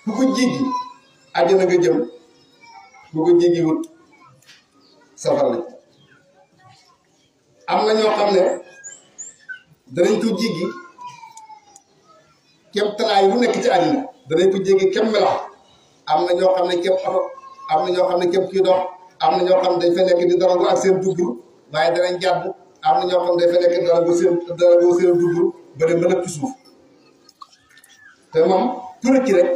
bu ko jéggi àjjana nga jëm bu ko jéggi wut safara la am na ñoo xam ne danañ ko jéggi kem talaay lu nekk ci àddina danañ ko jéggi kem melax am na ñoo xam ne kem oto am na ñoo xam ne kem kii dox am na ñoo xam ne dañ fa nekk di daragu ak seen dugub waaye danañ am na ñoo xam ba dem ba nekk suuf te moom kuréel ci rek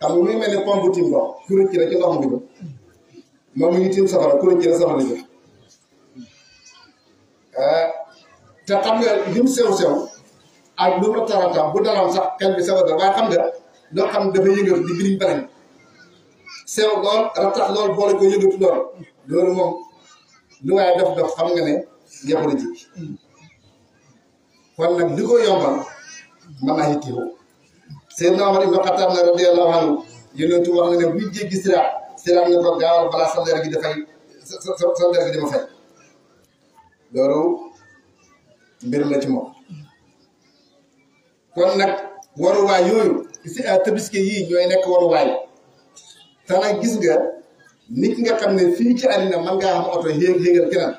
xam nga muy mel ni pompe tim ndox kuréel ci rek ci ndox mi ba moom mi ngi tim safara kuréel ci rek safara bi eh, te xam nga lim sew sew. ak lu ma tarantaam bu daloon sax xel bi sawar na waaye xam nga loo xam dafa yëngatu di biriñ barañ sew lool ratax lool boole ko yëngatu lool loolu moom lu waaye dof dof xam nga ne njaboot ji kon nag li ko yombal mën naa yittewoo Seydina Omar ibn Xattaab na radiyallaahu anhu yonentu wax na ne bu jéggi siraat siraat nga ko gaawal balaa sa leer gi dafay sa sa sa leer gi dama loolu mbir la ci moom. kon nag waruwaay yooyu si euh, tabaski yii ñooy nekk waruwaay te nag gis nga nit nga xam ne fii ci àddina mën ngaa am oto yéeg yéegal keneen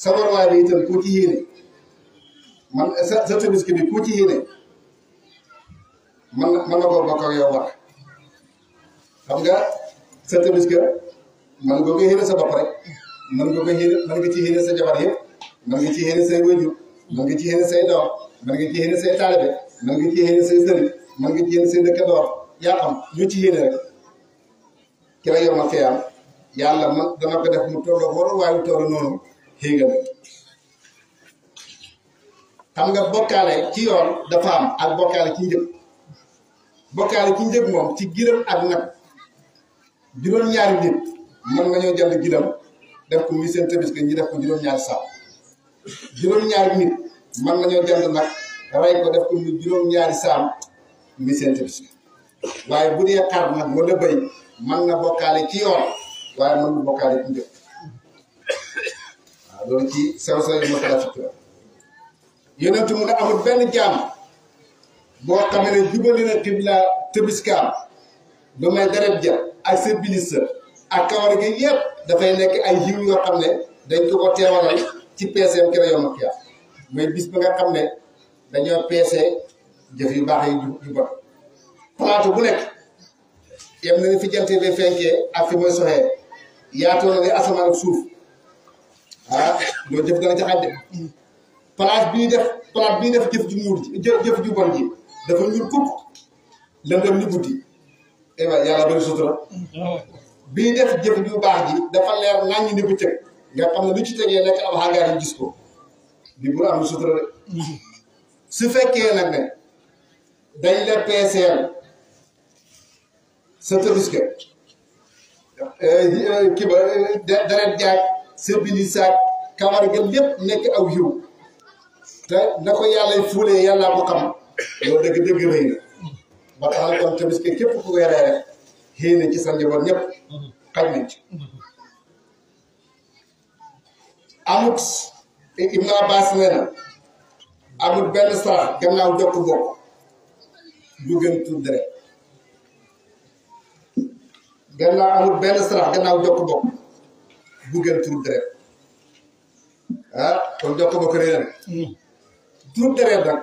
sa waruwaay bi itam ku ci yéene man bi ku ci yéene nga koo bokk ak xam nga sa tabaski man nga ko yéene sa bopp rek man nga ko yéene man nga ci yéene sa jabar yëpp man nga ci yéene say wëju man nga ci yéene say doom mën nga ci yéene say taalibe mën nga ci yéene say sëriñ mën nga ci say dëkkandoor yaa xam ñu ci yéene rek ki la yor ma feeyam yàlla ma dama ko def mu tolloo waru waayu toll noonu xéega xam nga bokkaale ci yoon dafa am ak bokkaale ci njëg bokkaale ci njëg moom ci gërëm ak nag juróom-ñaari nit mën nga ñoo jënd ginam def ko muy seen tëbis ñi def ko juróom-ñaari saabu juróom-ñaari nit man lañu jënd nag ray ko def ko ñu juroom ñaari saam ngi seen tëbsi waye bu dé xar nag wala bëy man na bokalé ci yoon waye man na bokkaale ci njëkk do ci saw saw mo ta ci dafa turam yonentu mu na amul ben jaam bo xamee ne jubali na qibla tëbiskaam do may dereb ja ak sa ministre ak kawar gi da fay nek ay yiw yo xamné dañ ko ko téwalal ci PCM keroog yow ma mooy bis ba nga xam ne dañoo peese jëf yu baax yi ju bot plateau bu nekk yem na fi jant bi fenkee ak mooy soxee yaatoo na ni asamaan ak suuf ah loolu jëf dana jaxaat de bi def def jëf ju ñuul ji jëf ju bon ji dafa ñuul kukk lëndëm ni guddi eh bien yàlla bëri sutura bii def jëf ju baax ji dafa leer naññ ni bëccëg nga xam ne lu ci tegee nekk ab xàngaar yi ko di mën am sutura rek su fekkee nag ne dañ la peeseel sa tabiske eh, eh, kii ba eh, deret jaaj sa bini saak kawar ga lépp nekk aw yiw te na ko yàlla fuulee yàlla ko xam dëgg dëgg rëy na ba tax kon tabiske képp ku weeree rek xëy na ci sa njaboot ñëpp xaj nañ ci Ibn baas nee na amul benn sarax gannaaw jokk bokk du gën tuur deret gannaaw amul benn sarax gannaaw jokk bokk du gën tuur deret ah kon jokk bokk rëy na deret nag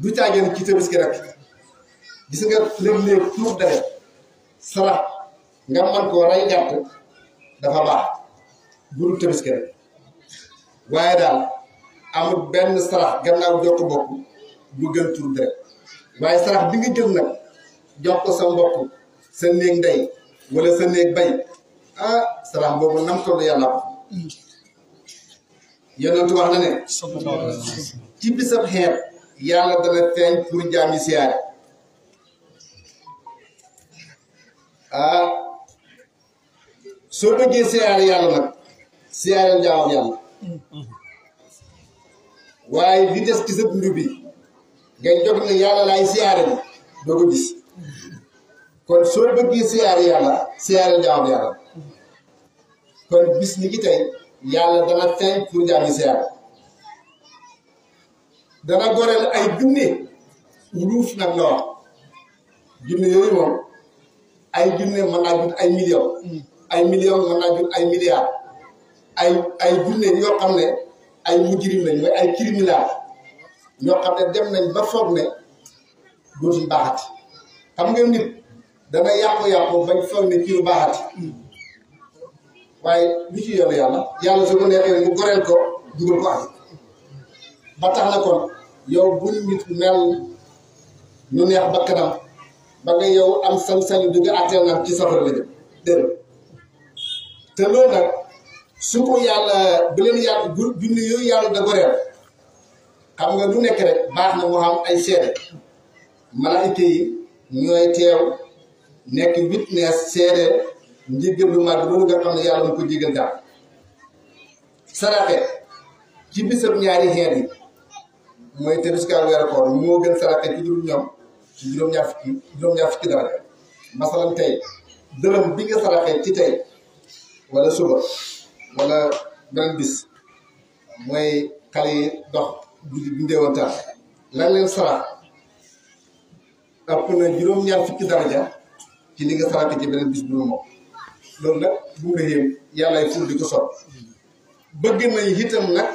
du caageen ci tabaski rek gis nga léeg-léeg tuur deret sarax nga mën koo rey gàtt dafa baax bu dul tabaski rek waaye daal amul benn sarax gannaaw jokk mbokk bu gën tur bi rek waaye sarax bi nga jël nag jox ko sa mbokk sa néeg ndey wala sa néeg bay ah sarax boobu nam toll yàlla ko yonentu wax na ne ci bisab xeet yàlla dana feeñ pour jaam yi siyaare ah soo bëggee siyaare yàlla nag siyaareel jaamam yàlla waaye di des ci sa dund bi ngay jóg ne yàlla laay siyaare bi doo ko kon soo bëggee siyaare yàlla siyaare jaam yàlla kon bis ni ki tey yàlla dana feeñ pour jaam yi siyaare dana goreel ay junne wuluuf nag la junne yooyu moom ay junne mën naa jur ay million mm. ay million mën naa jur ay milliards ay ay jullit yoo xam ne ay mujrim lañ ma ay criminal ñoo xam ne dem nañ ba foog ne dootul baaxati xam nga nit dana yàqu-yàqu bañ foog ne ci ko mu goreel ko dugal ba tax na kon yow bu nit mel nu neex ba kanam ba nga yow am sañ-sañu di nga àtteel nag ci safara la jëm nag su ko yàlla ba leen yàlla bu bind yooyu yàlla da goreel xam nga du nekk rek baax na mu ay seede malaayika yi ñooy teew nekk witness seede njëgëm lu mag loolu nga xam ne yàlla mu ko jégal daal saraxe ci bisab ñaari xeet yi mooy tëbiskaal weeru koor moo gën saraxe ci juróom ñoom ci juróom-ñaar fukki juróom-ñaar tey dërëm bi nga saraxe ci tey wala suba wala beneen bis mooy xale dox bu ndeewantaan lan leen sarax ëpp na juróom-ñaar fukki daraja ci li nga sarax ci beneen bis bu nu moom loolu nag bu nga yéem yàllaay fur di ko sot bëgg nañ itam nag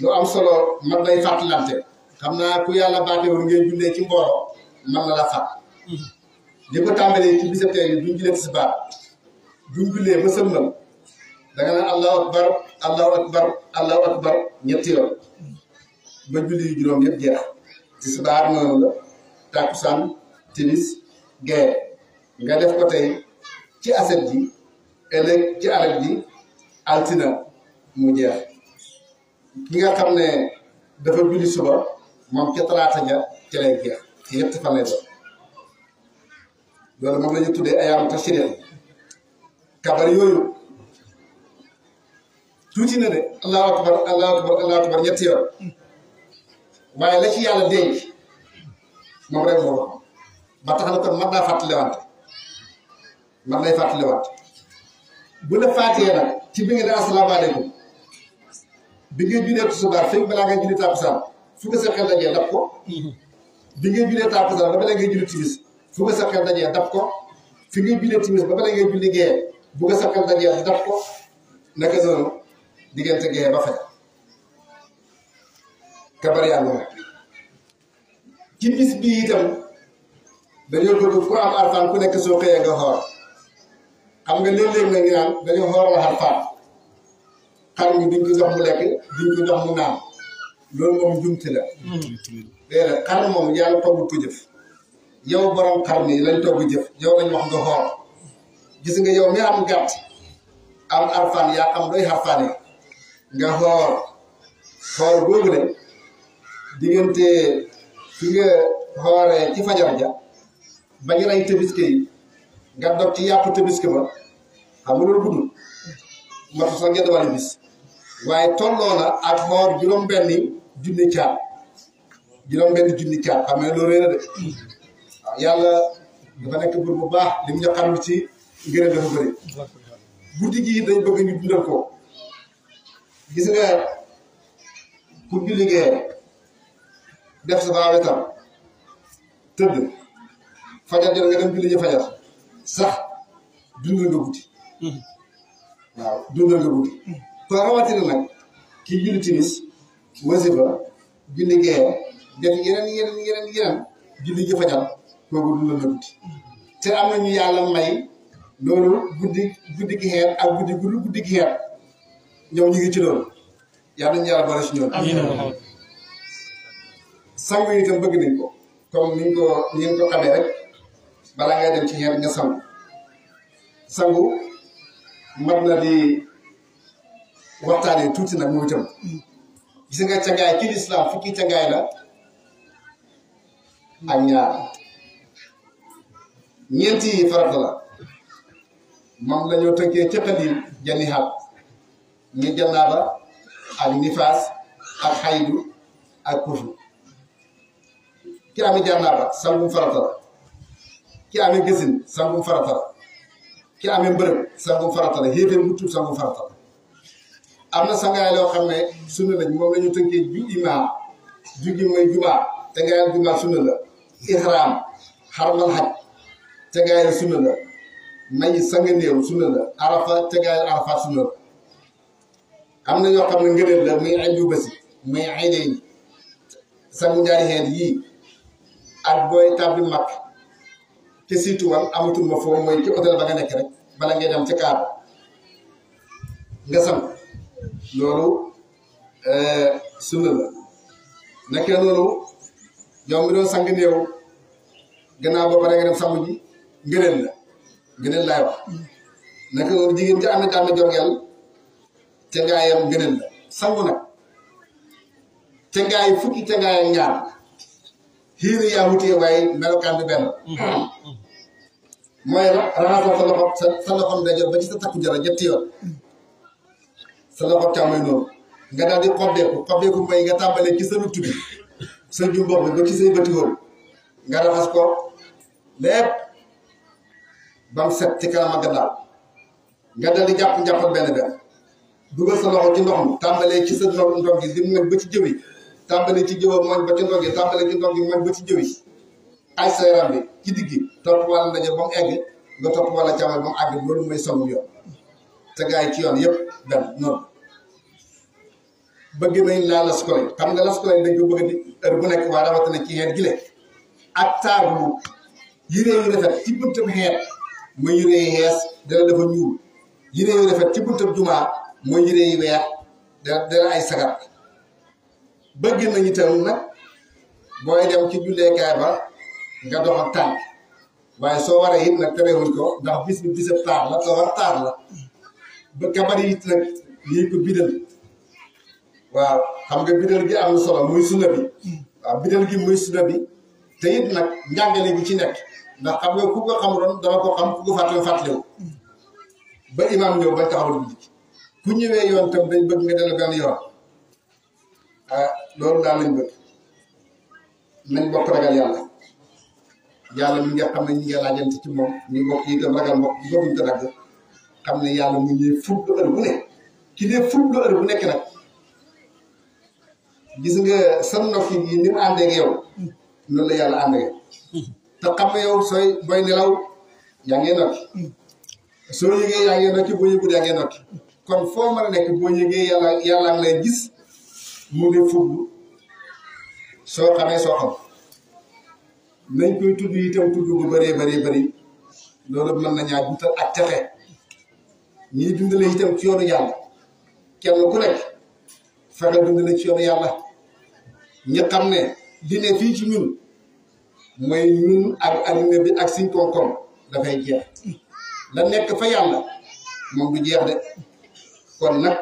lu am solo man lay fàttalante xam naa ku yàlla baaxee woon ngeen jullee ci mbooloo man na la fàtt hmm. li ko tàmbalee ci bisatee yi duñ jullee tisbaar duñ jullee da Allah akbar Allah akbar Allah akbar nyetir yoon ba julli juróom yëpp jeex tisbaar noonu la takkusaan timis gee nga def ko tey ci aset ji ëllëg ci arab ji altina mu jeex ki nga xam ne dafa julli suba moom ca talaata ja ca lay jeex ci yett fan lay doon loolu moom la kabar yooyu tuuti na de allahu akbar allahu akbar allahu akbar ñetti yoon waaye la ci yàlla denc moom rek moo ko ba tax na kon mat naa fàttaliwante mat nay fàttaliwante bu la fàttee nag ci bi nga ne asalaamaaleykum bi nga julee tusubaar fekk balaa nga julee tàkkusaan ko sa xel bi nga julee ba balaa ngay julee timis fu ko sa xel dajee dab ko fi nga julee timis ba balaa ngay julee gee bu ko sa xel dajee dab ko naka noonu diggante gee ba fay kabar yàlla la ci bis bii itam dañoo bëgg ku am arfaan ku nekk soo xëyee nga xoor xam nga léeg-léeg na naan dañoo xoor la arfaan xar mi duñ ko jox mu lekk duñ ko jox naan loolu moom jumti la déedéet xar moom yàlla togg ko jëf yow borom xar mi lañ togg jëf yow lañ wax nga xoor gis nga yow mi am gàtt am arfaan yaa am doy arfaan nga xoor xoor boobu de diggante fi nga xooree ci fajar ja ba ñu rey tabaski yi nga dog ci yàpp tabaski ba xam nga loolu guddul matu sax ngeen wàllu bis waaye tolloo na ak xoor juróom-benni junni caat juróom-benni junni caat xam nga de waaw yàlla dafa nekk bur bu baax li mu ñu xam ci ngërëm dafa bëri guddi gi dañ bëgg ñu dundal ko. gis nga pour julli gee def sa baax wetam tëdd fajar jot nga dem julli ji fajar sax dundal nga guddi hmm. waaw dundal nga guddi hmm. kon rawatina nag ki julli timis wasifa julli gee def yeneen yeneen yeneen yeneen julli ji fajar kooku dundal nga guddi hmm. te am na ñu yàlla may loolu guddi guddi gi ak guddi guddi guddi ñoom ñu ngi ci loolu yal nañu bari si sangu yi itam bëgg nañ ko. comme niñ ko ni ngeen ko xamee rek balaa ngay dem ci xeer sangu sangu mat na di waxtaanee tuuti nag moom itam gis nga cangaay ci lislaam fukki cangaay la ak ñaar ñeenti farata la la ñoo tënkee ca xalil janihaat ni janaaba ak nifaas ak xaydu ak kufu ki amee janaaba sangum farata la ki amee gësin sangum farata ki amee mbërëb sangum farata la mu tuub sangum farata am na sangaay loo xam ne sunna lañ moom la ñu tënkee ju imaa jugi mooy jumaa te ngaayal jumaa sunna la ihraam xarmal xaj te ngaayal sunna la arafa te ngaayal arafa am na ñoo xam ne ngëneel la muy ay yu bësi muy ay day sangu ñaari xeet yii ak booy tàbbi mag ki siituwal amatul ma foofu mooy ci hôtel ba nga nekk rek bala ngay dem ci kaar nga sam loolu euh, sunna la nekkee noonu yow mi doon sang néew gannaaw ba pare nga dem sangu ji ngëneel la ngëneel laay wax mm. naka noonu jigéen ci am na jàmm jorgeel tëngaayam beneen la sangu fukki tëngaay ak ñaar yaa wutee waaye melokaan bi benn mooy raxasal sa loxo sa sa loxo ndeyjoor ba ci sa takku jara ñetti nga daal di xobbeeku xobbeeku mooy nga tàmbalee ci sa lutt sa jumbox bi ci say bëti nga raxas ko lépp ba set ci kanam ak gannaaw nga daal di jàpp njàppal benn benn dugal sa loxo ci ndox mi tàmbalee ci sa ndox ndox di mooñ ba ci jëwi tàmbalee ci jëwa mooñ ba ci ndox gi tàmbalee ci ndox gi mooñ ba ci jëwi ay sa bi ci digg topp wàlla ndaje ba mu egg nga topp wàlla càmmoñ ba mu àgg loolu mooy sawum yoon te gars ci yoon yëpp dem noonu bëgg nañ laa las ko xam nga las ko dañ ko bëgg di heure bu nekk waa rawatina ci xeet ji le ak taar bu yére yu rafet ci buntab xeet muy yére yu xees dana dafa ñuul yére jumaa mooy yére yi weex dara dara ay sagar bëgg nañu itam nag booy dem ci julleekaay ba nga dox ak tànk waaye soo waree it nag terewuñ ko ndax bis bi bisab taar la te war nag lii ko bidal waaw xam nga bidal gi am solo muy sunna bi waaw bidal gi muy sunna bi te it nag njàngale bi ci nekk ndax xam nga ku ko xamuloon dama ko xam ku ko fàttali fàttaliwu ba imaam ñëw bañ taxawal bi bu ñëwee yoon tam dañ bëgg nga delu benn yoon ah loolu daal lañ bëgg nañ bokk ragal yàlla yàlla mi nga xam ne ñu ngi laajante ci moom ñu bokk itam ragal mbokk boobuñu te dagg xam ne yàlla mu ñuy fub lu heure ki ne fub lu heure bu nekk nag gis nga san nokki yi ni mu àndee ak yow noonu la yàlla àndee te xam yow sooy booy nelaw yaa ngee nokki soo yëgee yaa nokki boo yëgul yaa nokki kon foo ma a nekk boo yëgee yàlla yàlla nga lay gis mu ngi fuglu soo xamee soo xam nañ koy tudd itam tudd bu bare bëree bëri loolu mën na ñaa gutal ak texe ñii dundale itam ci yoonu yàlla kenn ku nekk fexe dundale ci yoonu yàlla ñi xam ne li ne fii ci ñun mooy ñun ak adduna bi ak suñ koom-koom dafay jeex la nekk fa yàlla moom du jeex de kon nag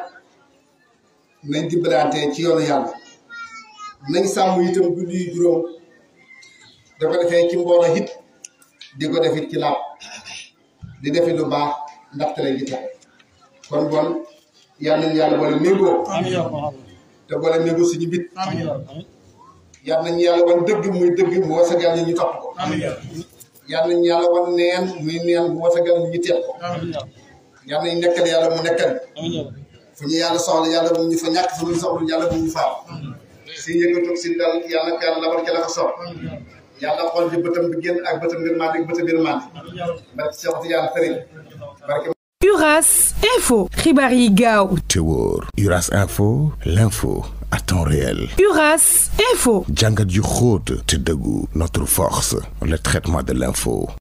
nañ dimbalante ci yoonu yàlla nañ sàmm itam julli yu juróom da ko defee ci mbooloo it di ko ci laab di defit lu baax ndaxte la jiite kon bon yal nañu yàlla boole méngoo te boole méngoo suñu bit yal nañu yàlla wan dëgg muy dëgg mu wasagal ñu ñu topp ko yal nañu yàlla wan neen muy neen mu wasagal ñu ñu teel yàlla nañ nekkal yàlla mu nekkal fu Info xibaar yi gaaw te wóor Uras Info l'info à temps réel. Uras Info jàngat yu xóot te dëggu notre force le traitement de l'info